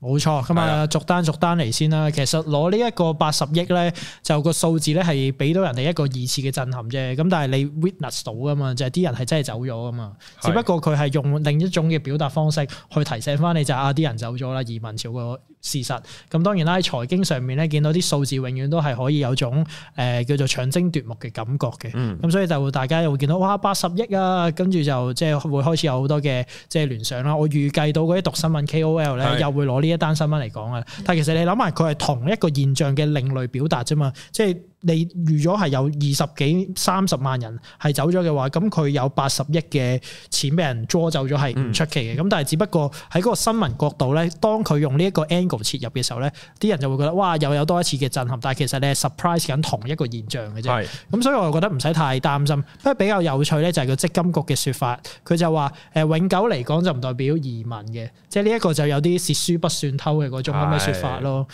冇錯，咁啊逐單逐單嚟先啦。其實攞呢一個八十億咧，就個數字咧係俾到人哋一個二次嘅震撼啫。咁但係你 Witness 到啊嘛，就係、是、啲人係真係走咗啊嘛。是的 只不過佢係用另一種嘅表達方式去提醒翻你就啊、是、啲人走咗啦，移民潮個。事實咁當然啦，喺財經上面咧，見到啲數字永遠都係可以有種誒、呃、叫做搶睛奪目嘅感覺嘅。咁、嗯、所以就大家又會見到哇，八十億啊，跟住就即係會開始有好多嘅即係聯想啦。我預計到嗰啲讀新聞 KOL 咧是又會攞呢一單新聞嚟講啊。但係其實你諗埋，佢係同一個現象嘅另類表達啫嘛，即係。你預咗係有二十幾三十萬人係走咗嘅話，咁佢有八十億嘅錢俾人捉走咗係唔出奇嘅。咁、嗯、但係只不過喺嗰個新聞角度咧，當佢用呢一個 angle 切入嘅時候咧，啲人就會覺得哇又有多一次嘅震撼。但係其實你係 surprise 緊同一個現象嘅啫。咁是所以我又覺得唔使太擔心。不過比較有趣咧就係個積金局嘅説法，佢就話誒、呃、永久嚟講就唔代表移民嘅，即係呢一個就有啲竊書不算偷嘅嗰種咁嘅説法咯。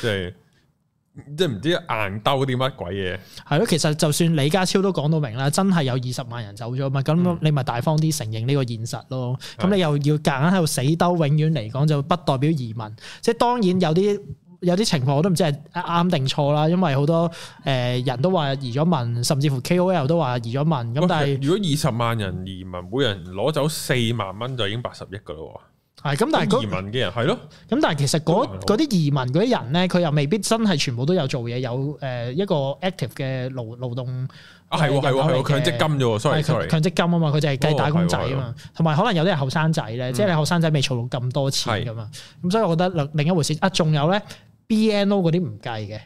即係唔知硬兜啲乜鬼嘢，係咯。其實就算李家超都講到明啦，真係有二十萬人走咗嘛。咁你咪大方啲承認呢個現實咯。咁、嗯、你又要夾硬喺度死兜，永遠嚟講就不代表移民。即係當然有啲有啲情況，我都唔知係啱定錯啦。因為好多誒人都話移咗民，甚至乎 KOL 都話移咗民。咁但係如果二十萬人移民，每人攞走四萬蚊，就已經八十億㗎咯。係咁，但係移民嘅人係咯。咁但係其實嗰啲、哦、移民嗰啲人咧，佢又未必真係全部都有做嘢，有誒一個 active 嘅勞勞動。啊係喎係喎，有強積金啫喎，所以強積金啊嘛，佢就係計打工仔啊嘛。同埋、哦、可能有啲係後生仔咧，哦、即係你後生仔未儲到咁多錢㗎嘛。咁、嗯、所以我覺得另另一回事啊，仲有咧 BNO 嗰啲唔計嘅。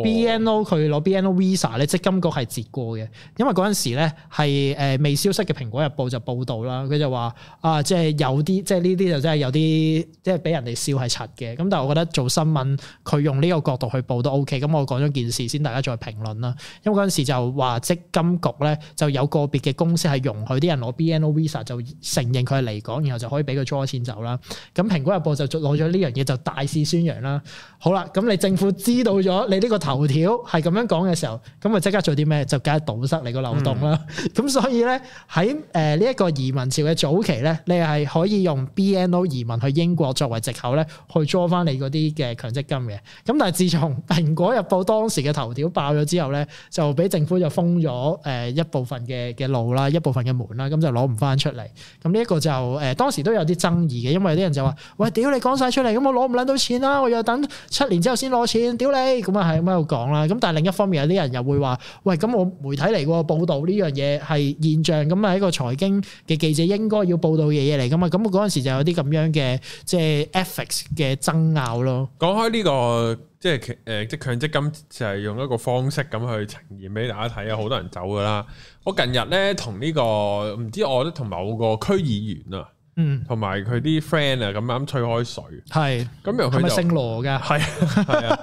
BNO 佢攞 BNO Visa 咧，積金局係截過嘅，因為嗰陣時咧係誒未消失嘅《蘋果日報》就報道啦，佢就話啊，即係有啲即係呢啲就真係有啲即係俾人哋笑係柒嘅，咁但係我覺得做新聞佢用呢個角度去報都 OK，咁我講咗件事先，大家再評論啦。因為嗰陣時就話積金局咧就有個別嘅公司係容許啲人攞 BNO Visa 就承認佢係離港，然後就可以俾佢攞錢走啦。咁《蘋果日報》就攞咗呢樣嘢就大肆宣揚啦。好啦，咁你政府知道咗你呢個頭條係咁樣講嘅時候，咁啊即刻做啲咩？就梗係堵塞你個漏洞啦。咁、嗯、 所以咧喺誒呢一個移民潮嘅早期咧，你係可以用 BNO 移民去英國作為藉口咧，去 draw 翻你嗰啲嘅強積金嘅。咁但係自從蘋果日報當時嘅頭條爆咗之後咧，就俾政府就封咗誒一部分嘅嘅路啦，一部分嘅門啦，咁就攞唔翻出嚟。咁呢一個就誒當時都有啲爭議嘅，因為有啲人就話：嗯、喂，屌你講晒出嚟，咁我攞唔捻到錢啦，我要等七年之後先攞錢，屌你！咁啊係。喺度講啦，咁但係另一方面有啲人又會話，喂，咁我媒體嚟個報道呢樣嘢係現象，咁啊一個財經嘅記者應該要報道嘅嘢嚟噶嘛，咁我嗰陣時就有啲咁樣嘅即係 ethics 嘅爭拗咯。講開呢、這個即係強誒，即強積、呃、金就係用一個方式咁去呈現俾大家睇，有好多人走噶啦。我近日咧同呢、這個唔知我都同某個區議員啊。嗯，同埋佢啲 friend 啊，咁啱吹開水，係咁又佢就係係姓羅嘅，係係 啊，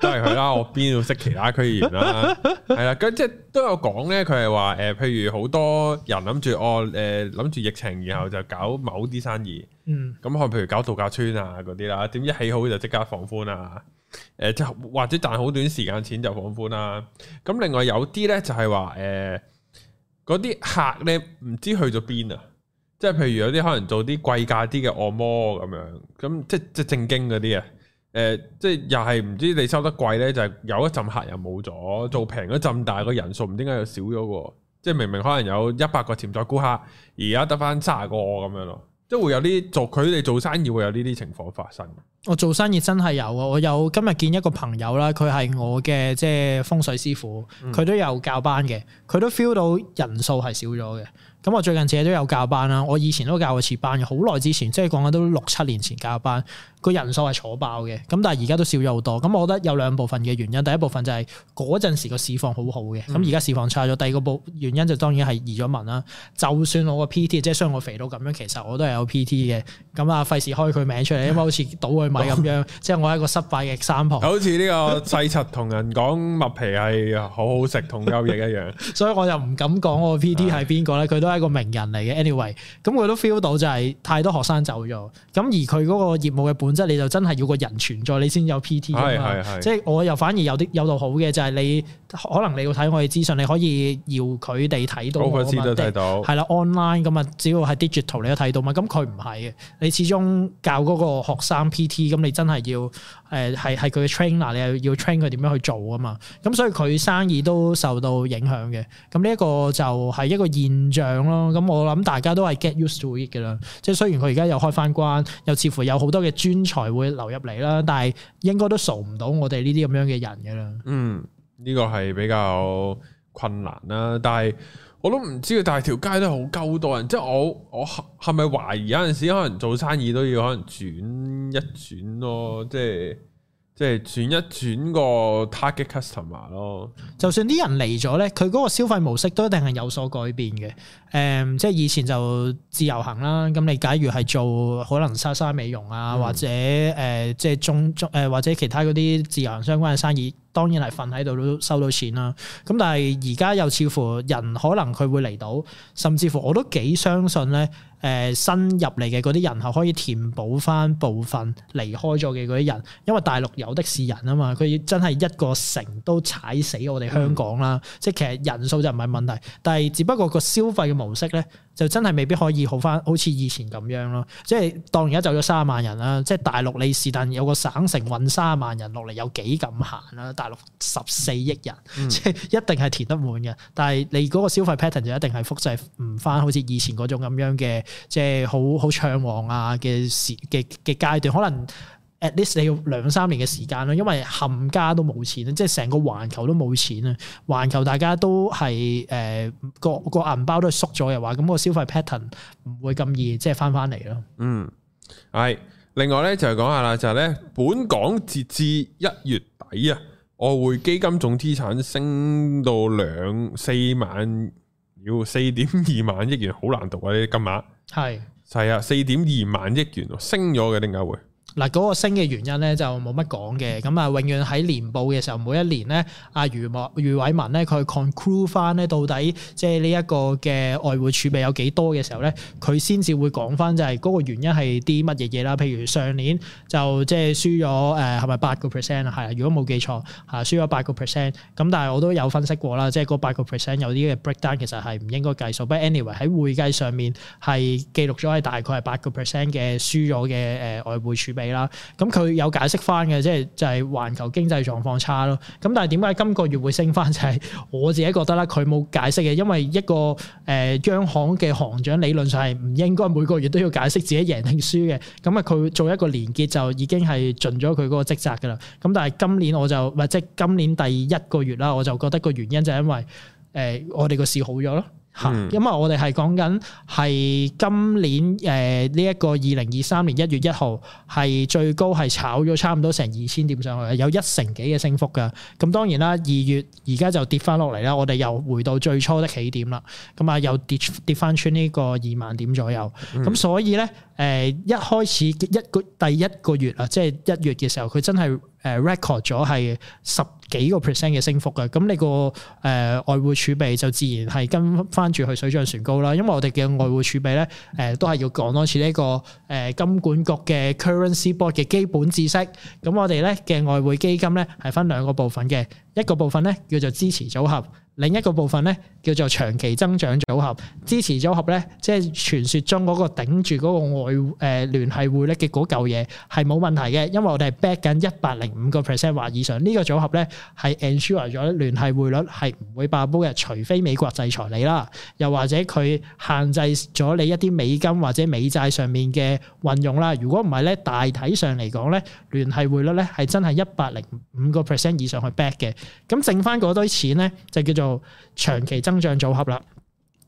都係佢啦。我邊度識其他區員啦、啊？係啦、啊，咁即係都有講咧。佢係話誒，譬如好多人諗住哦，誒諗住疫情然後就搞某啲生意，嗯，咁可能譬如搞度假村啊嗰啲啦，點一起好就即刻放寬啊，誒，就或者賺好短時間錢就放寬啦、啊。咁另外有啲咧就係話誒，嗰啲客咧唔知去咗邊啊。即係譬如有啲可能做啲貴價啲嘅按摩咁樣，咁即係即係正經嗰啲啊，誒、呃，即係又係唔知你收得貴咧，就係、是、有一陣客又冇咗，做平嗰陣，但係個人數點解又少咗？即係明明可能有一百個潛在顧客，而家得翻卅個咁樣咯，即係會有啲做佢哋做生意會有呢啲情況發生。我做生意真係有啊，我有今日見一個朋友啦，佢係我嘅即係風水師傅，佢都有教班嘅，佢都 feel 到人數係少咗嘅。咁、啊、我最近自己都有教班啦，我以前都教過次班嘅，好耐之前，即係講緊都六七年前教班，個人數係坐爆嘅，咁但係而家都少咗好多。咁我覺得有兩部分嘅原因，第一部分就係嗰陣時個市況好好嘅，咁而家市況差咗。第二個部原因就當然係移咗民啦。就算我個 PT 即係雖然我肥到咁樣，其實我都係有 PT 嘅。咁啊，費事開佢名出嚟，因為好似倒佢米咁樣， 即係我係一個失敗嘅三婆。好似呢個細柒同人講麥皮係好好食，同鳩翼一樣， 所以我就唔敢講我 PT 係邊個咧，佢都。一個名人嚟嘅，anyway，咁佢都 feel 到就係太多學生走咗，咁而佢嗰個業務嘅本質，你就真係要個人存在，你先有 PT 啊嘛，即係我又反而有啲有度好嘅，就係你。可能你要睇我哋資訊，你可以要佢哋睇到。我個字都睇到。係啦，online 咁啊，只要係 digital 你都睇到嘛。咁佢唔係嘅，你始終教嗰個學生 PT，咁你真係要誒係係佢嘅 trainer，你又要 train 佢點樣去做啊嘛。咁所以佢生意都受到影響嘅。咁呢一個就係一個現象咯。咁我諗大家都係 get used to it 嘅啦。即係雖然佢而家又開返關，又似乎有好多嘅專才會流入嚟啦，但係應該都熟唔到我哋呢啲咁樣嘅人嘅啦。嗯。呢個係比較困難啦、啊，但係我都唔知，佢大條街都好鳩多人，即、就、係、是、我我係咪懷疑有陣時可能做生意都要可能轉一轉咯，即係即係轉一轉個 target customer 咯。就算啲人嚟咗咧，佢嗰個消費模式都一定係有所改變嘅。誒、嗯，即係以前就自由行啦，咁你假如係做可能莎莎美容啊，嗯、或者誒、呃、即係中中誒或者其他嗰啲自由行相關嘅生意，當然係瞓喺度都收到錢啦，咁但係而家又似乎人可能佢會嚟到，甚至乎我都幾相信咧，誒、呃、新入嚟嘅嗰啲人係可以填補翻部分離開咗嘅嗰啲人，因為大陸有的是人啊嘛，佢真係一個成都踩死我哋香港啦，嗯、即係其實人數就唔係問題，但係只不過個消費嘅模式咧。就真係未必可以好翻，好似以前咁樣咯。即係當而家走咗三十萬人啦，即係大陸你是但有個省城搵三十萬人落嚟有幾咁閒啦？大陸十四億人，嗯、即係一定係填得滿嘅。但係你嗰個消費 pattern 就一定係複製唔翻，好似以前嗰種咁樣嘅，即係好好暢旺啊嘅時嘅嘅階段，可能。at least 你要兩三年嘅時間啦，因為冚家都冇錢即係成個環球都冇錢啊！環球大家都係誒、呃、個個銀包都縮咗嘅話，咁、那個消費 pattern 唔會咁易即係翻翻嚟咯。嗯，係。另外咧就係講下啦，就係、是、咧、就是、本港截至一月底啊，我匯基金總資產升到兩四萬，要四點二萬億元，好難讀啊！啲金額係係啊，四點二萬億元升咗嘅，點解會？嗱，嗰個升嘅原因咧就冇乜講嘅，咁啊永遠喺年報嘅時候每一年咧，阿余莫余偉文咧佢 conclude 翻咧到底即係呢一個嘅外匯儲備有幾多嘅時候咧，佢先至會講翻就係嗰個原因係啲乜嘢嘢啦。譬如上年就即係輸咗誒係咪八個 percent 啊？係，如果冇記錯嚇、啊，輸咗八個 percent。咁但係我都有分析過啦，即係嗰八個 percent 有啲嘅 breakdown 其實係唔應該計數。不過 anyway 喺會計上面係記錄咗係大概係八個 percent 嘅輸咗嘅誒外匯儲備。啦，咁佢有解釋翻嘅，即係就係、是、環球經濟狀況差咯。咁但係點解今個月會升翻？就係、是、我自己覺得啦，佢冇解釋嘅，因為一個誒、呃、央行嘅行長理論上係唔應該每個月都要解釋自己贏定輸嘅。咁啊，佢做一個連結就已經係盡咗佢嗰個職責噶啦。咁但係今年我就，唔即今年第一個月啦，我就覺得個原因就係因為誒、呃、我哋個市好咗咯。嗯、因為我哋係講緊係今年誒呢一個二零二三年一月一號係最高係炒咗差唔多成二千點上去，有一成幾嘅升幅㗎。咁當然啦，二月而家就跌翻落嚟啦，我哋又回到最初的起點啦。咁啊，又跌跌翻穿呢個二萬點左右。咁、嗯、所以咧誒、呃，一開始一個第一個月啊，即係一月嘅時候，佢真係誒 record 咗係十幾個 percent 嘅升幅嘅，咁你個誒、呃、外匯儲備就自然係跟翻住去水漲船高啦。因為我哋嘅外匯儲備咧，誒、呃、都係要講多次呢、呢個誒、呃、金管局嘅 currency board 嘅基本知識。咁我哋咧嘅外匯基金咧係分兩個部分嘅，一個部分咧叫做支持組合。另一個部分咧叫做長期增長組合。支持組合咧，即係傳說中個頂住個外誒聯繫匯率嘅舊嚿嘢係冇問題嘅，因為我哋係 back 緊一百零五個 percent 或以上。呢個組合咧，係 ensure 咗聯繫匯率係唔會爆煲嘅，除非美國制裁你啦，又或者佢限制咗你一啲美金或者美債上面嘅運用啦。如果唔係咧，大體上嚟講咧，聯繫匯率咧係真係一百零五個 percent 以上去 back 嘅。咁剩翻嗰堆錢咧就叫做。就長期增長組合啦。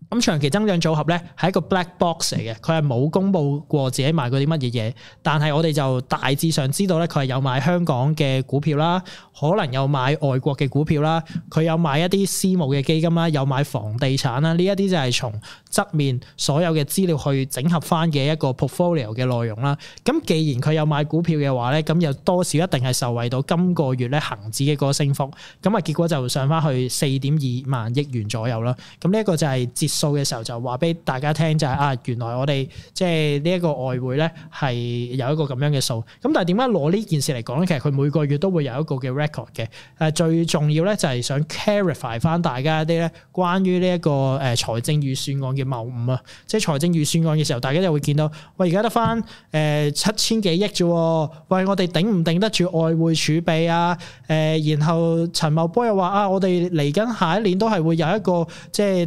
咁長期增長組合咧，係一個 black box 嚟嘅，佢係冇公布過自己買過啲乜嘢嘢。但係我哋就大致上知道咧，佢係有買香港嘅股票啦，可能有買外國嘅股票啦，佢有買一啲私募嘅基金啦，有買房地產啦。呢一啲就係從側面所有嘅資料去整合翻嘅一個 portfolio 嘅內容啦。咁既然佢有買股票嘅話咧，咁又多少一定係受惠到今個月咧，恆指嘅嗰個升幅。咁啊，結果就上翻去四點二萬億元左右啦。咁呢一個就係截數嘅時候就話俾大家聽就係、是、啊原來我哋即係呢一個外匯咧係有一個咁樣嘅數。咁但係點解攞呢件事嚟講咧其實佢每個月都會有一個嘅 record 嘅。誒最重要咧就係想 clarify 翻大家一啲咧關於呢一個誒財、呃、政預算案嘅謬誤。啊即係財政預算案嘅時候大家就會見到喂，而家得翻誒七千幾億啫，喂我哋頂唔頂得住外匯儲備啊誒、呃、然後陳茂波又話啊我哋嚟緊下一年都係會有一個即係、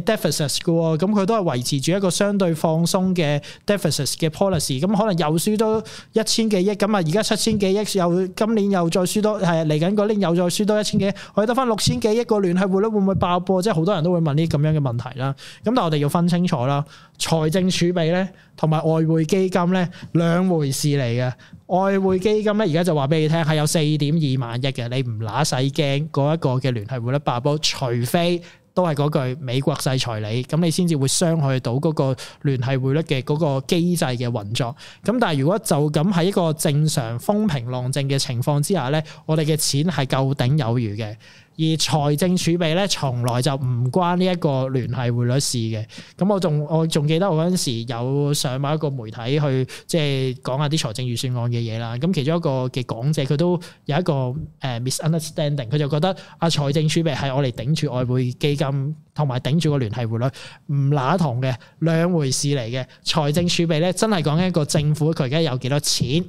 就是、deficit 咁佢都係維持住一個相對放鬆嘅 deficit 嘅 policy，咁可能又輸多一千幾億，咁啊而家七千幾億，又今年又再輸多，係嚟緊嗰年又再輸多一千幾，可以得翻六千幾億個聯繫匯率會唔會爆煲？即係好多人都會問呢咁樣嘅問題啦。咁但係我哋要分清楚啦，財政儲備咧同埋外匯基金咧兩回事嚟嘅。外匯基金咧而家就話俾你聽，係有四點二萬億嘅，你唔嗱使驚嗰一個嘅聯繫匯率爆煲，除非。都係嗰句，美國制裁你，咁你先至會傷害到嗰個聯繫匯率嘅嗰個機制嘅運作。咁但係如果就咁喺一個正常風平浪靜嘅情況之下呢，我哋嘅錢係夠頂有餘嘅。而財政儲備咧，從來就唔關呢一個聯繫匯率事嘅。咁我仲我仲記得我嗰陣時有上某一個媒體去即係講下啲財政預算案嘅嘢啦。咁其中一個嘅講者佢都有一個誒 misunderstanding，佢就覺得啊財政儲備係我哋頂住外匯基金同埋頂住個聯繫匯率，唔那同嘅兩回事嚟嘅。財政儲備咧真係講緊一個政府佢而家有幾多錢。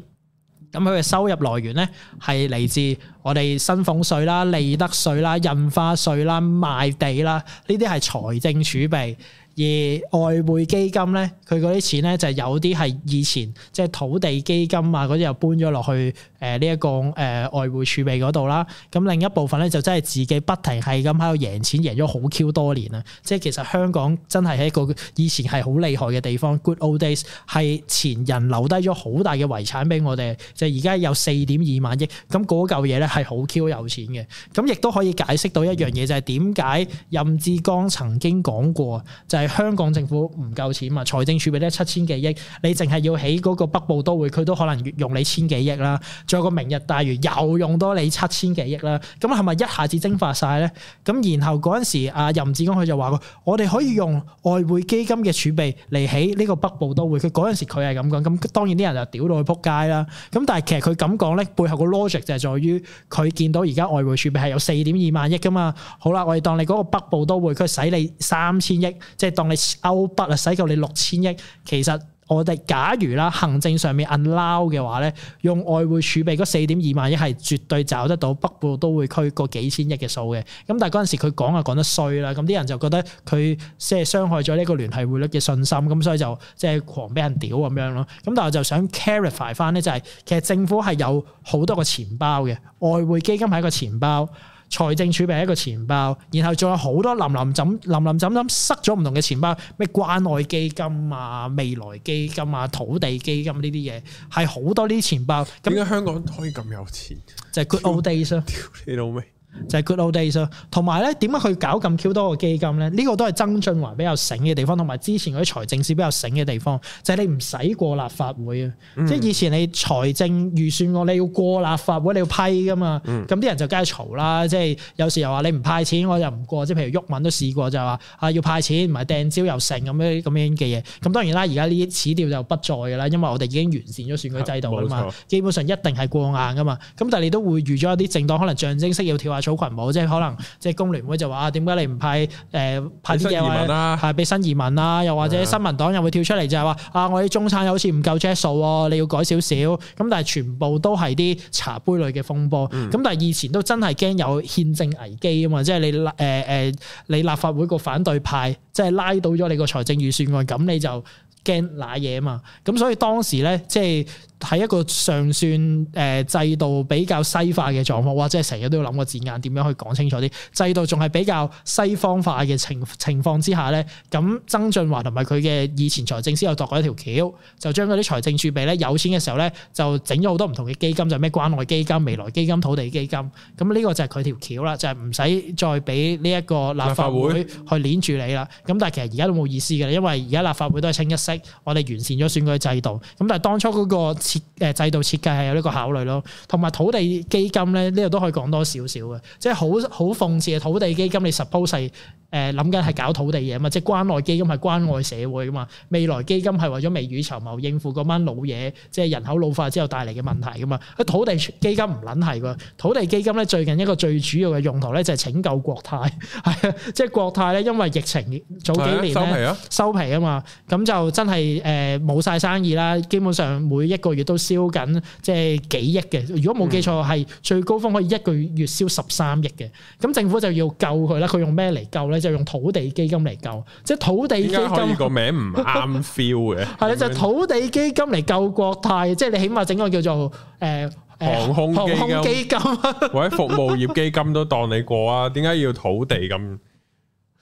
咁佢嘅收入來源咧，係嚟自我哋薪俸稅啦、利得稅啦、印花稅啦、賣地啦，呢啲係財政儲備。而外匯基金咧，佢嗰啲錢咧就有啲係以前，即係土地基金啊嗰啲又搬咗落去。誒呢一個誒、呃、外匯儲備嗰度啦，咁另一部分咧就真係自己不停係咁喺度贏錢，贏咗好 Q 多年啊！即係其實香港真係喺一個以前係好厲害嘅地方，Good old days 係前人留低咗好大嘅遺產俾我哋，就而家有四點二萬億，咁嗰嚿嘢咧係好 Q 有錢嘅，咁亦都可以解釋到一樣嘢，就係點解任志剛曾經講過，就係、是、香港政府唔夠錢嘛，財政儲備咧七千幾億，你淨係要起嗰個北部都會，佢都可能用你千幾億啦。再個明日大嶼又用多你七千幾億啦，咁係咪一下子蒸發晒咧？咁然後嗰陣時，阿、啊、任志剛佢就話過，我哋可以用外匯基金嘅儲備嚟起呢個北部都會。佢嗰陣時佢係咁講，咁當然啲人就屌到佢撲街啦。咁但係其實佢咁講咧，背後個 logic 就係在於佢見到而家外匯儲備係有四點二萬億噶嘛。好啦，我哋當你嗰個北部都會，佢使你三千億，即係當你歐北啊，使夠你六千億，其實。我哋假如啦，行政上面 allow 嘅話咧，用外匯儲備嗰四點二萬億係絕對找得到，北部都會區個幾千億嘅數嘅。咁但係嗰陣時佢講就講得衰啦，咁啲人就覺得佢即係傷害咗呢個聯繫匯率嘅信心，咁所以就即係狂俾人屌咁樣咯。咁但係我就想 clarify 翻咧，就係其實政府係有好多個錢包嘅，外匯基金係一個錢包。財政儲備係一個錢包，然後仲有好多林林枕林林枕枕塞咗唔同嘅錢包，咩關愛基金啊、未來基金啊、土地基金呢啲嘢，係好多呢啲錢包。嗯，咁點解香港可以咁有錢？就係 good, good old days 啊！屌你老味！就係 Good Old Days 同埋咧點樣去搞咁 Q 多個基金咧？呢、這個都係曾俊華比較醒嘅地方，同埋之前嗰啲財政司比較醒嘅地方，就係、是、你唔使過立法會啊！嗯、即係以前你財政預算案你要過立法會，你要批噶嘛，咁啲、嗯、人就梗係嘈啦。即係有時又話你唔派錢，我又唔過。即係譬如毓民都試過就係話啊要派錢，唔係掟蕉又勝咁樣咁樣嘅嘢。咁當然啦，而家呢啲屎尿就不再噶啦，因為我哋已經完善咗選舉制度啦嘛。錯基本上一定係過硬噶嘛。咁但係你都會預咗一啲政黨可能象徵式要跳下。草群舞，即係可能，即係工聯會就話啊，點解你唔派誒，派啲嘢，或者派俾新移民啊！又或者新民黨又會跳出嚟就係話啊，我啲中產好似唔夠着數喎，你要改少少。咁但係全部都係啲茶杯類嘅風波。咁、嗯、但係以前都真係驚有憲政危機啊嘛，即係你立誒誒，你立法會個反對派即係拉到咗你個財政預算案，咁你就。驚瀨嘢啊嘛，咁所以當時咧，即係喺一個尚算誒、呃、制度比較西化嘅狀況，哇！即係成日都要諗個字眼點樣去講清楚啲。制度仲係比較西方化嘅情情況之下咧，咁曾俊華同埋佢嘅以前財政司又度過一條橋，就將嗰啲財政儲備咧有錢嘅時候咧，就整咗好多唔同嘅基金，就咩、是、關愛基金、未來基金、土地基金，咁呢個就係佢條橋啦，就係唔使再俾呢一個立法會去攆住你啦。咁但係其實而家都冇意思嘅，因為而家立法會都係清一我哋完善咗選舉制度，咁但係當初嗰個設。誒制度設計係有呢個考慮咯，同埋土地基金咧呢度都可以講多少少嘅，即係好好諷刺嘅土地基金。你 suppose 係誒諗緊係搞土地嘢嘛？即係關愛基金係關愛社會噶嘛？未來基金係為咗未雨綢繆應付嗰班老嘢，即係人口老化之後帶嚟嘅問題噶嘛？土地基金唔撚係喎，土地基金咧最近一個最主要嘅用途咧就係拯救國泰，係啊，即係國泰咧，因為疫情早幾年收皮啊嘛，咁就真係誒冇晒生意啦，基本上每一個月都。燒緊即係幾億嘅，如果冇記錯係最高峰可以一個月燒十三億嘅，咁政府就要救佢啦。佢用咩嚟救呢？就用土地基金嚟救，即係土地基金個名唔啱 feel 嘅。係咧，就土地基金嚟救國泰，即係你起碼整個叫做誒，航空基金或者服務業基金都當你過啊？點解要土地咁？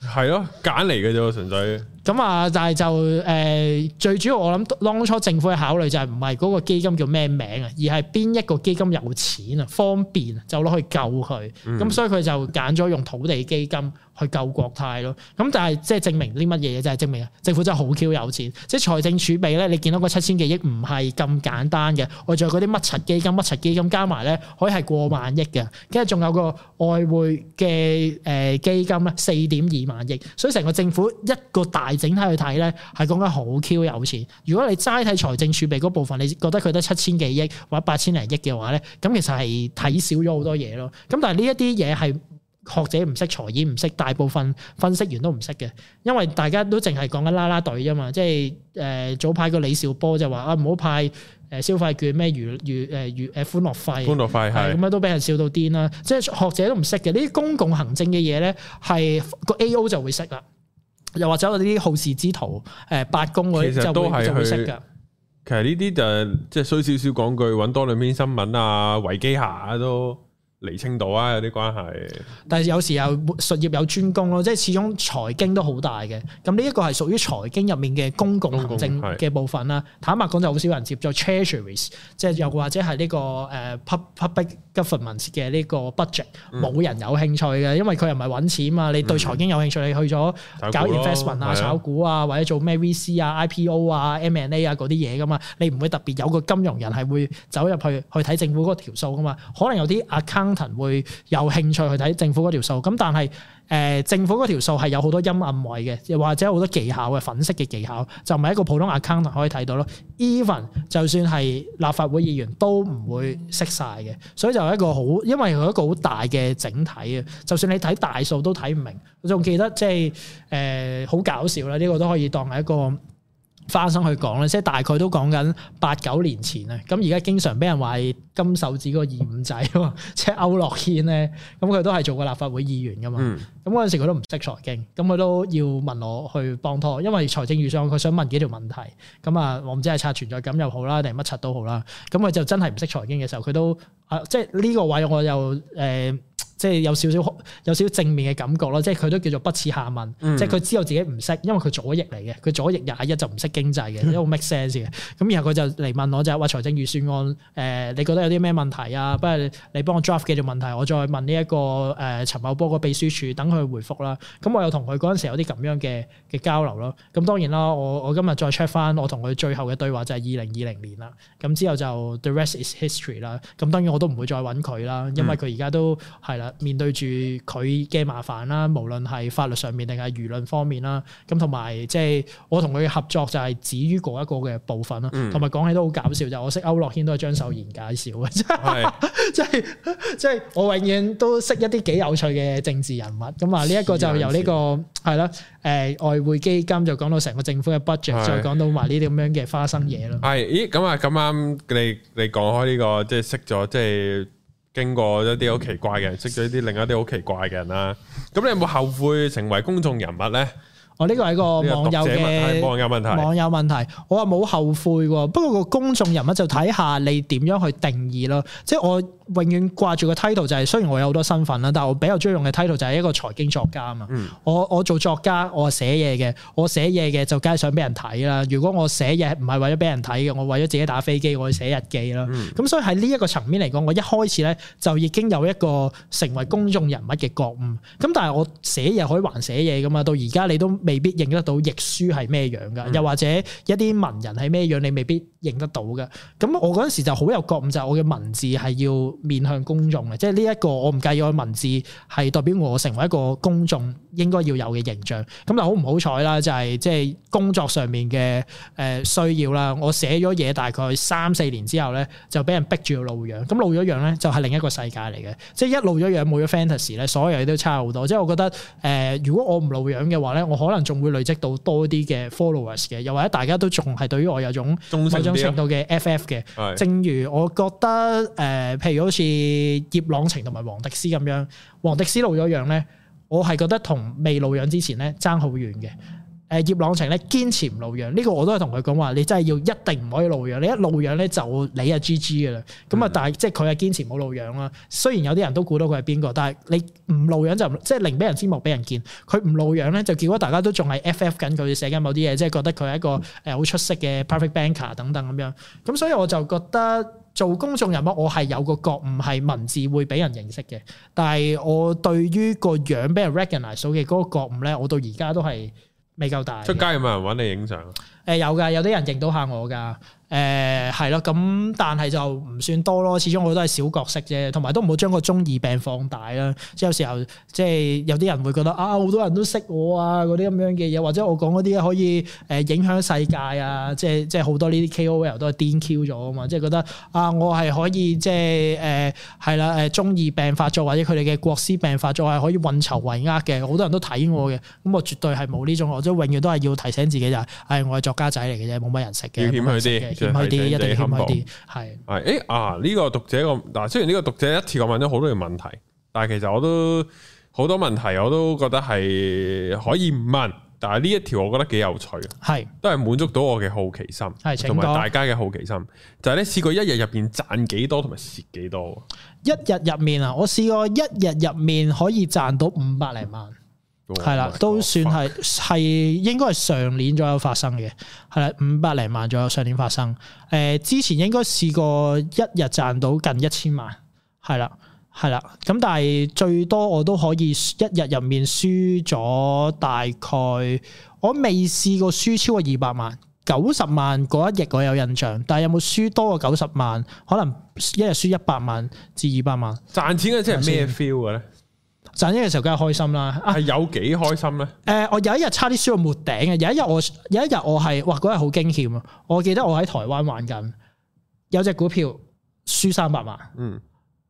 係咯，揀嚟嘅啫，純粹。咁啊，但係就誒、呃、最主要，我諗當初政府嘅考慮就係唔係嗰個基金叫咩名啊，而係邊一個基金有錢啊，方便就攞去救佢。咁、嗯、所以佢就揀咗用土地基金去救國泰咯。咁但係即係證明啲乜嘢嘢就係證明啊，政府真係好 Q 有錢，即係財政儲備咧，你見到個七千幾億唔係咁簡單嘅，我仲有嗰啲乜柒基金、乜柒基金加埋咧，可以係過萬億嘅。跟住仲有個外匯嘅誒基金咧，四點二萬億，所以成個政府一個大。整體去睇咧，係講緊好 Q 有錢。如果你齋睇財政儲備嗰部分，你覺得佢得七千幾億或者八千零億嘅話咧，咁其實係睇少咗好多嘢咯。咁但係呢一啲嘢係學者唔識，財爺唔識，大部分分析員都唔識嘅，因為大家都淨係講緊啦啦隊啊嘛。即係誒、呃、早排個李兆波就話啊，唔好派誒消費券咩娛娛誒娛誒歡樂費，歡樂費係咁樣，嗯、是都俾人笑到癲啦。即係學者都唔識嘅呢啲公共行政嘅嘢咧，係個 A O 就會識啦。又或者嗰啲好事之徒，誒、呃、八公嗰啲就會識噶。其實呢啲就即係衰少少講句，揾多兩篇新聞啊，維基下、啊、都厘清到啊，有啲關係，但係有時候術業有專攻咯，即係始終財經都好大嘅。咁呢一個係屬於財經入面嘅公共行政嘅部分啦。坦白講就好少人接觸 challenges，即係又或者係呢、這個誒、uh, public governance 嘅呢個 budget 冇、嗯、人有興趣嘅，因為佢又唔係揾錢啊嘛。你對財經有興趣，嗯、你去咗搞 investment 啊、炒股啊，啊或者做咩 VC 啊、IPO 啊、M&A 啊嗰啲嘢噶嘛，你唔會特別有個金融人係會走入去去睇政府個條數噶嘛。可能有啲 account 會有興趣去睇政府嗰條數，咁但係誒、呃、政府嗰條數係有好多陰暗位嘅，又或者好多技巧嘅粉飾嘅技巧，就唔係一個普通 account 可以睇到咯。Even 就算係立法會議員都唔會識晒嘅，所以就係一個好，因為佢一個好大嘅整體啊。就算你睇大數都睇唔明，我仲記得即係誒好搞笑啦。呢、呢個都可以當係一個。翻身去講咧，即係大概都講緊八九年前啊，咁而家經常俾人話係金手指嗰個二五仔啊，即係區諾軒咧，咁佢都係做過立法會議員噶嘛，咁嗰陣時佢都唔識財經，咁佢都要問我去幫拖，因為財政預算佢想問幾條問題，咁啊，我唔知係刷存在感又好啦，定係乜柒都好啦，咁佢就真係唔識財經嘅時候，佢都啊，即係呢個位我又誒。呃即係有少少有少少正面嘅感覺咯，即係佢都叫做不恥下問，嗯、即係佢知道自己唔識，因為佢左翼嚟嘅，佢左翼日日就唔識經濟嘅，好 make sense 嘅。咁然後佢就嚟問我就話財政預算案，誒、呃，你覺得有啲咩問題啊？不如你幫我 draft 幾條問題，我再問呢、這、一個誒陳、呃、茂波個秘書處等佢回覆啦。咁我又同佢嗰陣時有啲咁樣嘅嘅交流咯。咁當然啦，我我今日再 check 翻我同佢最後嘅對話就係二零二零年啦。咁之後就 the rest is history 啦。咁當然我都唔會再揾佢啦，因為佢而家都係啦。嗯面對住佢嘅麻煩啦，無論係法律上面定係輿論方面啦，咁同埋即係我同佢合作就係止於嗰一個嘅部分啦，同埋講起都好搞笑，就是，我識歐樂軒都係張秀賢介紹嘅，即係即係我永遠都識一啲幾有趣嘅政治人物。咁啊，呢一個就由呢、這個係啦，誒，外匯基金就講到成個政府嘅 budget，的再講到埋呢啲咁樣嘅花生嘢啦。係，咦，咁啊，咁啱你你講開呢個，即係識咗，即係。經過一啲好奇怪嘅人，識咗、嗯、一啲另外一啲好奇怪嘅人啦。咁你有冇後悔成為公眾人物咧？我呢個係一個網友嘅的網友問題。網友問題，我話冇後悔。不過個公眾人物就睇下你點樣去定義咯。即、就、係、是、我。永遠掛住個 title 就係，雖然我有好多身份啦，但係我比較中意用嘅 title 就係一個財經作家啊嘛。我我做作家，我係寫嘢嘅，我寫嘢嘅就梗係想俾人睇啦。如果我寫嘢唔係為咗俾人睇嘅，我為咗自己打飛機，我寫日記啦。咁所以喺呢一個層面嚟講，我一開始咧就已經有一個成為公眾人物嘅覺悟。咁但係我寫嘢可以還寫嘢噶嘛？到而家你都未必認得到譯書係咩樣噶，又或者一啲文人係咩樣，你未必認得到嘅。咁我嗰陣時就好有覺悟，就係我嘅文字係要。面向公眾嘅，即係呢一個我唔介意我嘅文字，係代表我成為一個公眾應該要有嘅形象。咁但好唔好彩啦，就係即係工作上面嘅誒需要啦。我寫咗嘢大概三四年之後咧，就俾人逼住要露樣，咁露咗樣咧，就係另一個世界嚟嘅。即係一露咗樣冇咗 fantasy 咧，所有嘢都差好多。即係我覺得誒、呃、如果我唔露樣嘅話咧，我可能仲會累積到多啲嘅 followers 嘅，又或者大家都仲係對於我有種某種程度嘅 ff 嘅。正如我覺得誒、呃、譬如。好似葉朗晴同埋黃迪斯咁樣，黃迪斯露咗樣咧，我係覺得同未露樣之前咧爭好遠嘅。誒，葉朗晴咧堅持唔露樣，呢個我都係同佢講話，你真係要一定唔可以露樣。你一露樣咧就你啊 G G 嘅啦。咁啊，但係即係佢係堅持冇露樣啦。雖然有啲人都估到佢係邊個，但係你唔露樣就即係零俾人知，莫俾人見。佢唔露樣咧，就結果大家都仲係 F F 緊佢寫緊某啲嘢，即係覺得佢係一個誒好出色嘅 perfect banker 等等咁樣。咁所以我就覺得。做公眾人物，我係有個覺悟，係文字會俾人認識嘅，但係我對於個樣俾人 recognize 到嘅嗰個覺悟咧，我到而家都係未夠大。出街有冇人揾你影相啊？誒有噶，有啲人認到下我噶。誒係咯，咁、嗯、但係就唔算多咯。始終我都係小角色啫，同埋都唔好將個中二病放大啦。即係有時候，即係有啲人會覺得啊，好多人都識我啊，嗰啲咁樣嘅嘢，或者我講嗰啲可以誒影響世界啊，即係即係好多呢啲 KOL 都係 DQ 咗啊嘛。即係覺得啊，我係可以即係誒係啦，誒、呃、中二病發作或者佢哋嘅國師病發作係可以運籌帷幄嘅，好多人都睇我嘅。咁我絕對係冇呢種，我都永遠都係要提醒自己就係，係、哎、我係作家仔嚟嘅啫，冇乜人識嘅。謠謠謠係一定恐怖，係係誒啊！呢、這個讀者個嗱，雖然呢個讀者一次過問咗好多條問題，但係其實我都好多問題，我都覺得係可以問。但係呢一條，我覺得幾有趣，係是都係滿足到我嘅好奇心，係同埋大家嘅好奇心。就係你試過一日入面賺幾多同埋蝕幾多？一日入面啊，我試過一日入面可以賺到五百零萬。嗯係啦，都算係係應該係上年左右發生嘅，係啦五百零萬左右上年發生。誒、呃，之前應該試過一日賺到近一千萬，係啦係啦。咁但係最多我都可以一日入面輸咗大概，我未試過輸超過二百萬，九十萬嗰一日我有印象。但係有冇輸多過九十萬？可能一日輸一百萬至二百萬。賺錢嘅即係咩 feel 嘅咧？賺嘅時候梗係開心啦，係、啊、有幾開心咧？誒、呃，我有一日差啲輸到沒頂嘅，有一日我有一日我係，哇嗰日好驚險啊！我記得我喺台灣玩緊，有隻股票輸三百萬，嗯，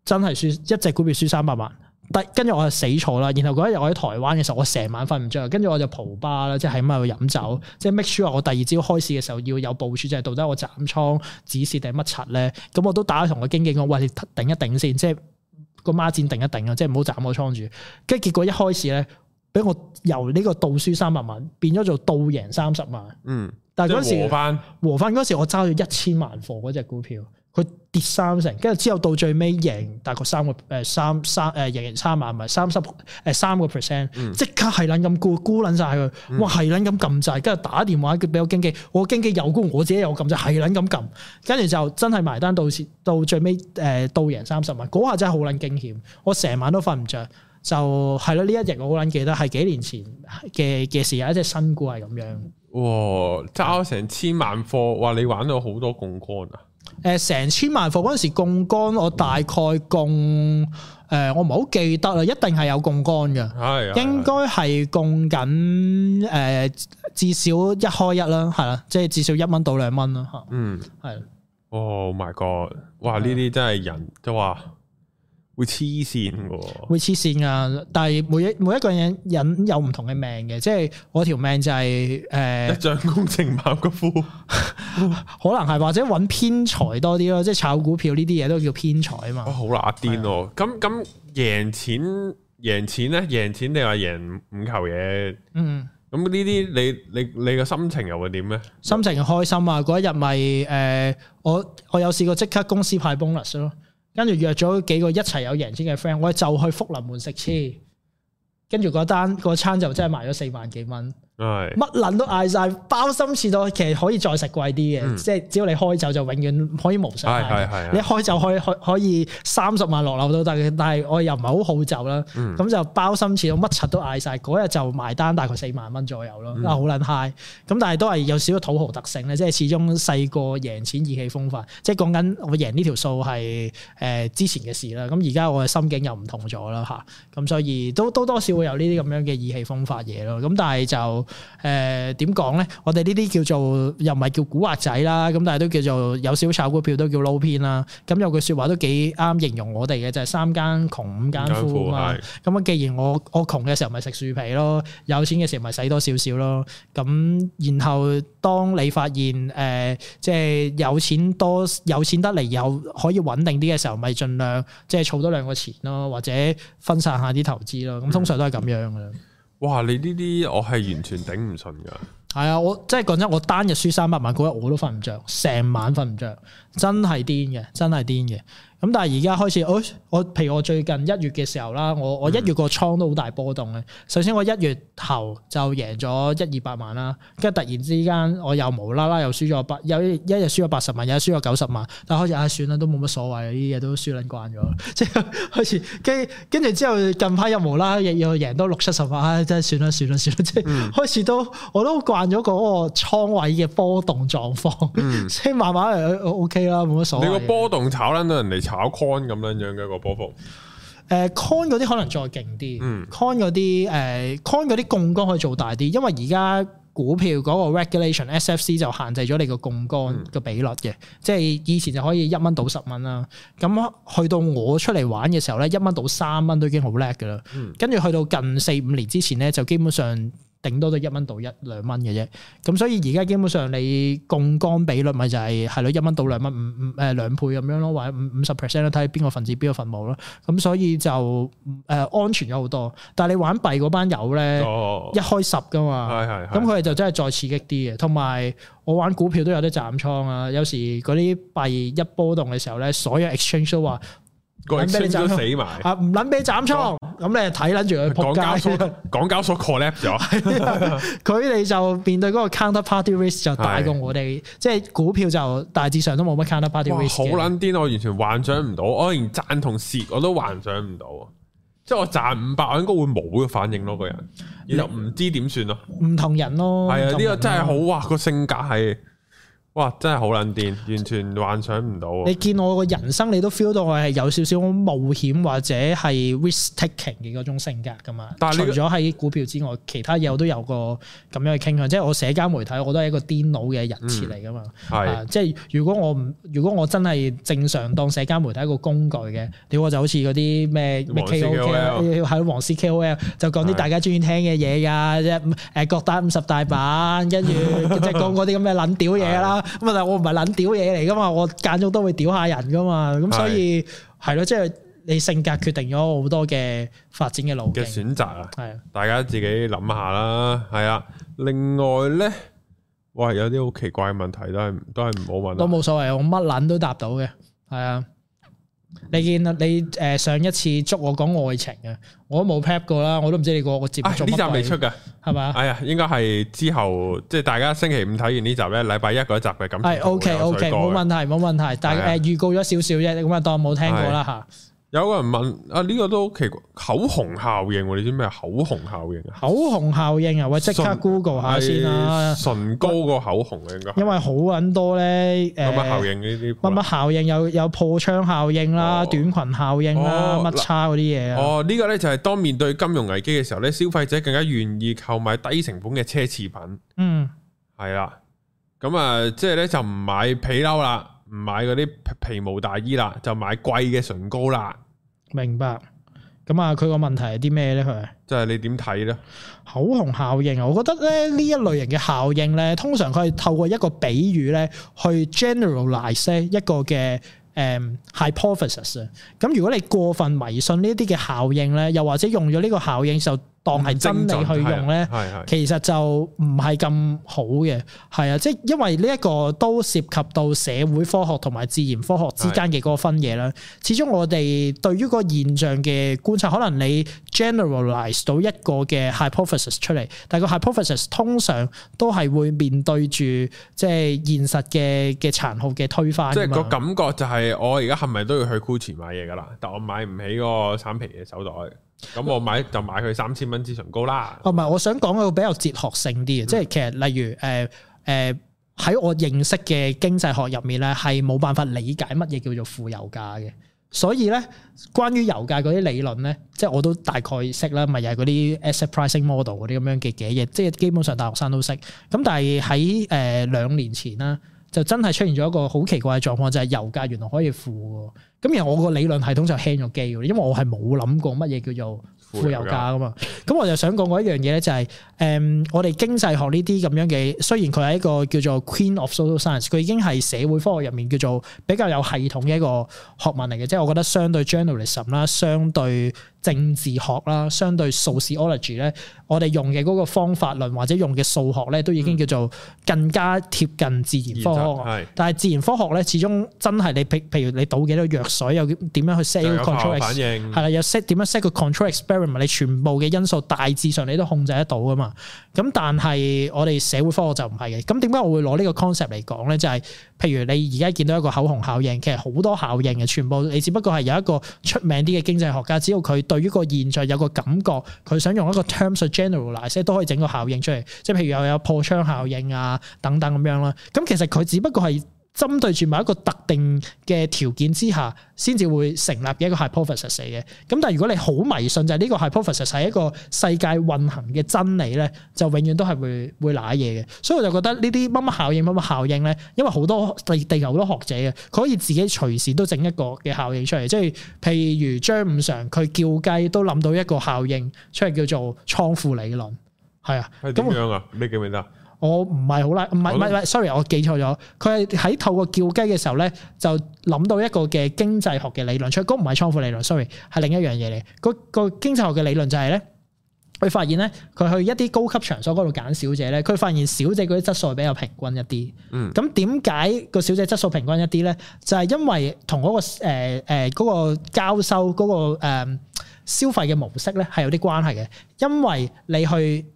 真係輸一隻股票輸三百萬，但跟住我就死錯啦。然後嗰一日我喺台灣嘅時候，我成晚瞓唔着，跟住我就蒲巴啦，即係咁啊去飲酒，即、就、係、是、make sure 我第二朝開市嘅時候要有部署，就係、是、到底我斬倉、止蝕定乜柒咧？咁我都打同個經紀講，喂，你頂一頂先，即係。孖展定一定啊，即係唔好斬我倉住。跟住結果一開始咧，俾我由呢個倒輸三百萬變咗做倒贏三十萬，嗯，但係嗰時和翻，和翻嗰時我揸咗一千萬貨嗰隻股票。佢跌三成，跟住之後到最尾贏大概三個誒三三誒贏、呃、贏三萬咪三十誒、呃、三個 percent，即、嗯、刻係撚咁沽，沽撚晒佢，哇係撚咁撳掣，跟住打電話叫俾我經紀，我經紀又沽我自己又撳掣，係撚咁撳，跟住就真係埋單到到最尾誒、呃、到贏三十萬，嗰下真係好撚驚險，我成晚都瞓唔着。就係咯呢一日我好撚記得，係幾年前嘅嘅事，有一隻新股係咁樣。哇、哦！揸成千萬貨，哇！你玩到好多槓桿啊！誒、呃、成千萬貨嗰陣時槓桿，我大概槓誒、呃、我唔係好記得啦，一定係有槓桿嘅，的應該係槓緊誒至少一開一啦，係啦，即係至少一蚊到兩蚊啦嚇。嗯，係的。o、oh、my god！哇，呢啲真係人即係話。的會黐線嘅，會黐線啊！但係每一每一個人人有唔同嘅命嘅，即係我條命就係、是、誒，呃、一將功成萬骨枯，可能係或者揾偏財多啲咯，即係炒股票呢啲嘢都叫偏財啊嘛。哦、啊，好啦，阿癲哦！咁咁贏錢贏錢咧，贏錢定係贏五球嘢？嗯，咁呢啲你你你個心情又會點咧？心情開心啊！嗰一日咪誒，我我有試過即刻公司派 bonus 咯。跟住約咗幾個一齊有贏錢嘅 friend，我哋就去福臨門食黐，跟住嗰單嗰餐就真係賣咗四萬幾蚊。乜撚都嗌晒，包心似到其實可以再食貴啲嘅，即係、嗯、只要你開酒就永遠可以無上限、嗯嗯、你開酒開開可以三十萬落樓都得嘅。但係我又唔係好好酒啦，咁、嗯、就包心似到乜柒都嗌晒，嗰日就埋單大概四萬蚊左右咯，好撚 high。咁、嗯、但係都係有少少土豪特性咧，即係始終細個贏錢意氣風發。即係講緊我贏呢條數係誒之前嘅事啦。咁而家我嘅心境又唔同咗啦嚇，咁所以都都，都多少會有呢啲咁樣嘅意氣風發嘢咯。咁但係就～誒，點講咧？我哋呢啲叫做又唔係叫蠱惑仔啦，咁但係都叫做有少少炒股票都叫撈偏啦。咁有句說話都幾啱形容我哋嘅，就係、是、三間窮五間富咁啊，既然我我窮嘅時候咪食樹皮咯，有錢嘅時候咪使多少少咯。咁然後當你發現誒，即、呃、係、就是、有錢多、有錢得嚟，又可以穩定啲嘅時候，咪盡量即係儲多兩個錢咯，或者分散一下啲投資咯。咁通常都係咁樣嘅。嗯哇！你呢啲我係完全頂唔順嘅。係啊，我即係講真，我單日輸三百萬嗰日，我都瞓唔着，成晚瞓唔着，真係癲嘅，真係癲嘅。咁但係而家開始，我我譬如我最近一月嘅時候啦，我我一月個倉都好大波動嘅。首先我一月頭就贏咗一二百萬啦，跟住突然之間我又無啦啦又輸咗八，有一日輸咗八十萬，有一日輸咗九十萬。但係開始啊，算啦，都冇乜所謂，呢啲嘢都輸撚慣咗，即係開始跟跟住之後近排又無啦，又又贏多六七十萬，唉，真係算啦算啦算啦，即係開始都我都慣咗嗰個倉位嘅波動狀況，所以慢慢嚟 O K 啦，冇乜所謂。嗯、你個波動炒撚到人哋。炒 coin 咁樣樣嘅一個波幅，誒 coin 嗰啲可能再勁啲，嗯，coin 嗰啲誒 coin 嗰啲槓桿可以做大啲，因為而家股票嗰個 regulation SFC 就限制咗你個槓桿個比率嘅，嗯、即係以前就可以一蚊到十蚊啦，咁去到我出嚟玩嘅時候咧，一蚊到三蚊都已經好叻㗎啦，跟住去到近四五年之前咧，就基本上。頂多都一蚊到一兩蚊嘅啫，咁所以而家基本上你槓桿比率咪就係係咯一蚊到兩蚊，五五誒兩倍咁樣咯，或者五五十 percent 咯，睇邊個份子邊個份母咯，咁所以就誒、呃、安全咗好多。但係你玩幣嗰班友咧，哦、一開十噶嘛，咁佢哋就真係再刺激啲嘅。同埋我玩股票都有啲斬倉啊，有時嗰啲幣一波動嘅時候咧，所有 exchange 都話。個人身都死埋，啊唔捻俾斬倉，咁你啊睇捻住佢港交所 港交所 collapse 咗，佢哋就面對嗰個 counterparty risk 就大過我哋，是即係股票就大致上都冇乜 counterparty risk。哇，好捻癲，我完全幻想唔到，嗯、我連賺同蝕我都幻想唔到。即係我賺五百，我應該會冇個反應咯，個人又唔知點算咯，唔同人咯。係啊對，呢個真係好哇，個性格係。哇！真係好撚癲，完全幻想唔到。你見我個人生，你都 feel 到我係有少少冒險或者係 risk-taking 嘅嗰種性格噶嘛？但係、這個、除咗喺股票之外，其他嘢我都有個咁樣嘅傾向。即、就、係、是、我社交媒體，我都係一個癲佬嘅人設嚟噶嘛。係的，即係如果我唔，如果我真係正常當社交媒體一個工具嘅，我就好似嗰啲咩黃絲 KOL，喺黃絲 KOL 就講啲大家中意聽嘅嘢㗎，即係誒各打五十大板，跟住即係講嗰啲咁嘅撚屌嘢啦。就是各 咁但係我唔係撚屌嘢，嚟㗎嘛，我間中都會屌下人㗎嘛，咁所以係咯，即係你性格決定咗好多嘅發展嘅路嘅選擇啊，係，啊大家自己諗下啦，係啊。另外咧，哇，有啲好奇怪嘅問題都係都係唔好問，都冇所謂，我乜撚都答到嘅，係啊。你見你誒、呃、上一次捉我講愛情啊，我都冇拍過啦，我都唔知你個節目做咗未呢集未出㗎係嘛？吧哎呀，應該係之後即係大家星期五睇完呢集咧，禮拜一嗰集嘅，咁係 OK OK 冇問題冇問題，但係誒，預告咗少少啫，咁就當冇聽過啦吓。有個人問啊，呢、這個都好奇怪。口紅效應、啊，你知咩口紅效應？口紅效應啊，喂，即刻 Google 下先啦！唇膏個口紅應該、啊啊、因為好撚多咧，乜乜、呃、效應呢、啊、啲？乜乜效應有有破窗效應啦、啊、哦、短裙效應啦、啊、乜叉嗰啲嘢哦，呢、啊哦這個咧就係當面對金融危機嘅時候咧，消費者更加願意購買低成本嘅奢侈品。嗯，係啦，咁啊，即係咧就唔買皮褸啦。唔買嗰啲皮毛大衣啦，就買貴嘅唇膏啦。明白。咁啊，佢個問題係啲咩咧？佢即係你點睇咧？口紅效應啊，我覺得咧呢一類型嘅效應咧，通常佢係透過一個比喻咧，去 generalize 一個嘅誒 hypothesis。咁如果你過分迷信呢一啲嘅效應咧，又或者用咗呢個效應就，當係真理去用咧，啊啊、其實就唔係咁好嘅，係啊，即、就、係、是、因為呢一個都涉及到社會科學同埋自然科學之間嘅嗰個分野啦。啊、始終我哋對於個現象嘅觀察，可能你 generalize 到一個嘅 hypothesis 出嚟，但係個 hypothesis 通常都係會面對住即係現實嘅嘅殘酷嘅推翻。即係個感覺就係我而家係咪都要去 Gucci 買嘢㗎啦？但我買唔起嗰個產皮嘅手袋。咁我買就買佢三千蚊支唇膏啦。哦，唔係，我想講個比較哲學性啲嘅，嗯、即係其實例如誒誒喺我認識嘅經濟學入面咧，係冇辦法理解乜嘢叫做負油價嘅。所以咧，關於油價嗰啲理論咧，即係我都大概識啦，咪又係嗰啲 asset pricing model 嗰啲咁樣嘅嘅嘢，即係基本上大學生都識。咁但係喺誒兩年前啦。就真係出現咗一個好奇怪嘅狀況，就係、是、油價原來可以負喎，咁而我個理論系統就 hang 咗機喎，因為我係冇諗過乜嘢叫做。副油價啊嘛，咁 我就想講過一樣嘢咧，就係誒我哋經濟學呢啲咁樣嘅，雖然佢係一個叫做 Queen of Social Science，佢已經係社會科學入面叫做比較有系統嘅一個學問嚟嘅，即係我覺得相對 journalism 啦，相對政治學啦，相對 sociology 咧，我哋用嘅嗰個方法論或者用嘅數學咧，都已經叫做更加貼近自然科學。嗯、但係自然科學咧，始終真係你譬譬如你倒幾多藥水，又點點樣去 set 個 control ex，反應，係啦，有 set 點樣 set 個 control experiment 你全部嘅因素大致上你都控制得到噶嘛？咁但係我哋社會科學就唔係嘅。咁點解我會攞呢個 concept 嚟講咧？就係譬如你而家見到一個口紅效應，其實好多效應嘅，全部你只不過係有一個出名啲嘅經濟學家，只要佢對於個現象有個感覺，佢想用一個 terms of generalise 都可以整個效應出嚟。即係譬如又有破窗效應啊，等等咁樣啦。咁其實佢只不過係。針對住某一個特定嘅條件之下，先至會成立嘅一個 hypothesis 嘅。咁但係如果你好迷信就係、是、呢個 hypothesis 係一個世界運行嘅真理咧，就永遠都係會會賴嘢嘅。所以我就覺得呢啲乜乜效應乜乜效應咧，因為好多地球好多學者嘅，佢可以自己隨時都整一個嘅效應出嚟。即係譬如張五常佢叫雞都諗到一個效應出嚟，叫做倉庫理論。係啊。係點樣啊？咩叫咩得？我唔係好啦，唔係唔係，sorry，我記錯咗。佢係喺透過叫雞嘅時候咧，就諗到一個嘅經濟學嘅理論出，嗰唔係倉庫理論，sorry，係另一樣嘢嚟。嗰個經濟學嘅理論就係咧，佢發現咧，佢去一啲高級場所嗰度揀小姐咧，佢發現小姐嗰啲質素比較平均一啲。嗯，咁點解個小姐質素平均一啲咧？就係因為同嗰個誒誒嗰個交收嗰個誒消費嘅模式咧，係有啲關係嘅。因為你去，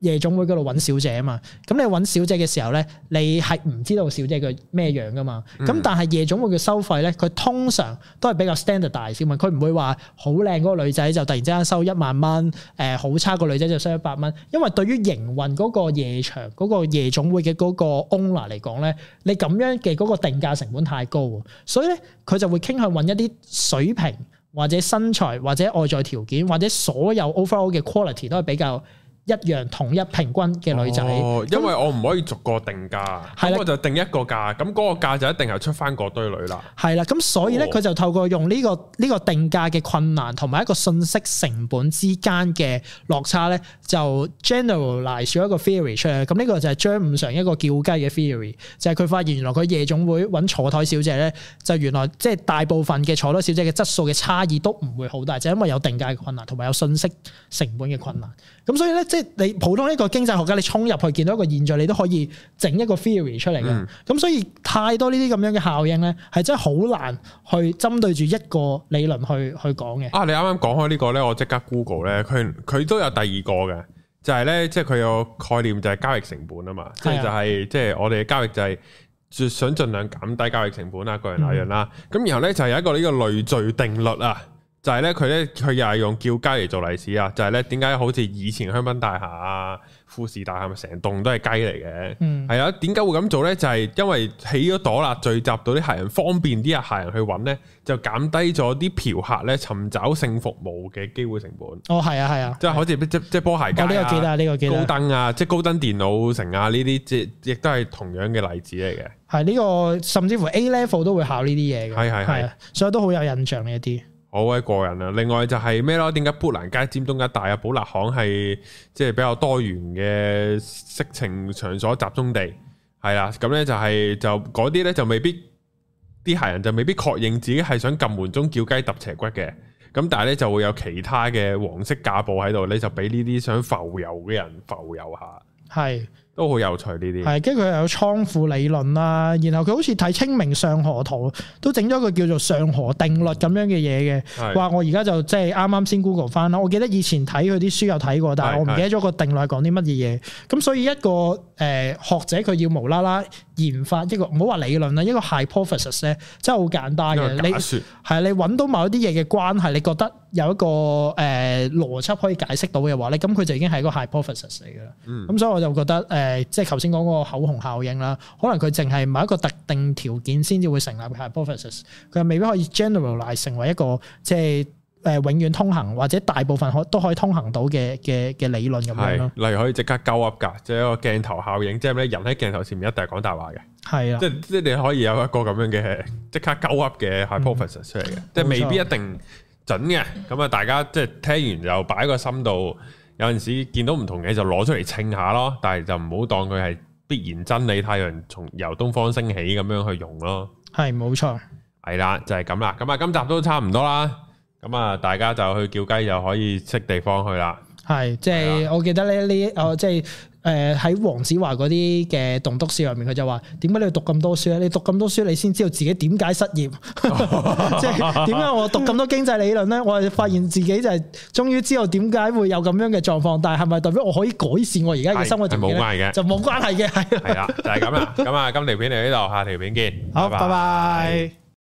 夜總會嗰度揾小姐啊嘛，咁你揾小姐嘅時候咧，你係唔知道小姐佢咩樣噶嘛，咁、嗯、但係夜總會嘅收費咧，佢通常都係比較 standardize 嘅，佢唔會話好靚嗰個女仔就突然之間收一萬蚊，誒、呃、好差個女仔就收一百蚊，因為對於營運嗰個夜場、嗰、嗰個夜總會嘅嗰個 owner 嚟講咧，你咁樣嘅嗰個定價成本太高，所以咧佢就會傾向揾一啲水平或者身材或者外在條件或者所有 overall 嘅 quality 都係比較，一樣同一平均嘅女仔，哦、那因為我唔可以逐個定價，咁的我就定一個價，咁嗰個價就一定係出翻嗰堆女啦。係啦，咁所以咧，佢、哦、就透過用呢、呢個呢、呢個定價嘅困難同埋一個信息成本之間嘅落差咧，就 generalize 咗一個 theory 出嚟。咁呢個就係張五常一個叫雞嘅 theory，就係佢發現原來佢夜總會揾坐台小姐咧，就原來即係大部分嘅坐台小姐嘅質素嘅差異都唔會好大，就係、因為有定價嘅困難同埋有信息成本嘅困難。咁所以咧，即即係你普通一個經濟學家，你衝入去見到一個現象，你都可以整一個 theory 出嚟嘅。咁、嗯、所以太多呢啲咁樣嘅效應咧，係真係好難去針對住一個理論去去講嘅。啊，你啱啱講開呢個咧，我即刻 Google 咧，佢佢都有第二個嘅，就係、是、咧，即係佢有概念就係交易成本啊嘛，即係是、啊、就係即係我哋嘅交易就係、是、想盡量減低交易成本啦，各樣那樣啦。咁、嗯、然後咧就是、有一個呢個累聚定律啊。就係咧，佢咧，佢又係用叫雞嚟做例子啊！就係咧，點解好似以前香檳大廈啊、富士大廈咪成棟都係雞嚟嘅？係啊、嗯，點解會咁做咧？就係、是、因為起咗朵啦，聚集到啲客人，方便啲啊客人去揾咧，就減低咗啲嫖客咧尋找性服務嘅機會成本。哦，係啊，係啊，即係好似即即波鞋街，呢個記得，呢個記得。高登啊，即係高登電腦城啊，呢啲即亦都係同樣嘅例子嚟嘅。係呢、這個，甚至乎 A level 都會考呢啲嘢嘅。係係係啊，所以都好有印象嘅一啲。好鬼過癮啊！另外就係咩咯？點解砵蘭街、尖東咁大啊？寶勒巷係即係比較多元嘅色情場所集中地，係啦。咁咧就係、係、就嗰啲咧就未必啲客人就未必確認自己係想撳門鐘叫雞揼斜骨嘅。咁但係咧就會有其他嘅黃色架步喺度咧，你就俾呢啲想浮遊嘅人浮遊下。係。都好有趣呢啲，係跟住佢又有倉庫理論啦、啊，然後佢好似睇清明上河圖，都整咗個叫做上河定律咁樣嘅嘢嘅，話是的 我而家就即係啱啱先 google 返啦。我記得以前睇佢啲書有睇過，但係我唔記得咗個定律講啲乜嘢嘢。咁是的 所以一個誒、呃、學者佢要無啦啦。研發一個唔好話理論啦，一個 hypothesis 咧，真係好簡單嘅。你係你揾到某一啲嘢嘅關係，你覺得有一個誒、呃、邏輯可以解釋到嘅話咧，咁佢就已經係一個 hypothesis 嚟嘅啦。咁、嗯、所以我就覺得誒、呃，即係頭先講嗰個口紅效應啦，可能佢淨係某一個特定條件先至會成立 hypothesis，佢又未必可以 generalize 成為一個即係。誒，永遠通行或者大部分可都可以通行到嘅嘅嘅理論，咁樣。例如可以即刻鳩 Up 㗎，即係一個鏡頭效應，即係咧人喺鏡頭前面一定係講大話嘅，係啊的，即即係你可以有一個咁樣嘅、嗯、即刻鳩 Up 嘅 hypothesis 出嚟嘅，即係未必一定準嘅，咁啊大家即係聽完就擺喺個心度，有陣時見到唔同嘢就攞出嚟稱下咯，但係就唔好當佢係必然真理，太陽從由東方升起咁樣去用咯，係冇錯，係啦，就係咁啦，咁啊今集都差唔多啦。咁啊，大家就去叫雞又可以識地方去啦。係，即係我記得咧，呢哦，即係誒喺黃子華嗰啲嘅棟篤笑入面，佢就話：點解你要讀咁多書咧？你讀咁多書，你先知道自己點解失業。即係點解我讀咁多經濟理論咧？ 我係發現自己就係終於知道點解會有咁樣嘅狀況。但係係咪代表我可以改善我而家嘅生活就？ 就冇關係嘅，就冇關係嘅係。係啦，就係咁啦。咁啊，今條片嚟呢度，下條片見。好，拜拜。拜拜。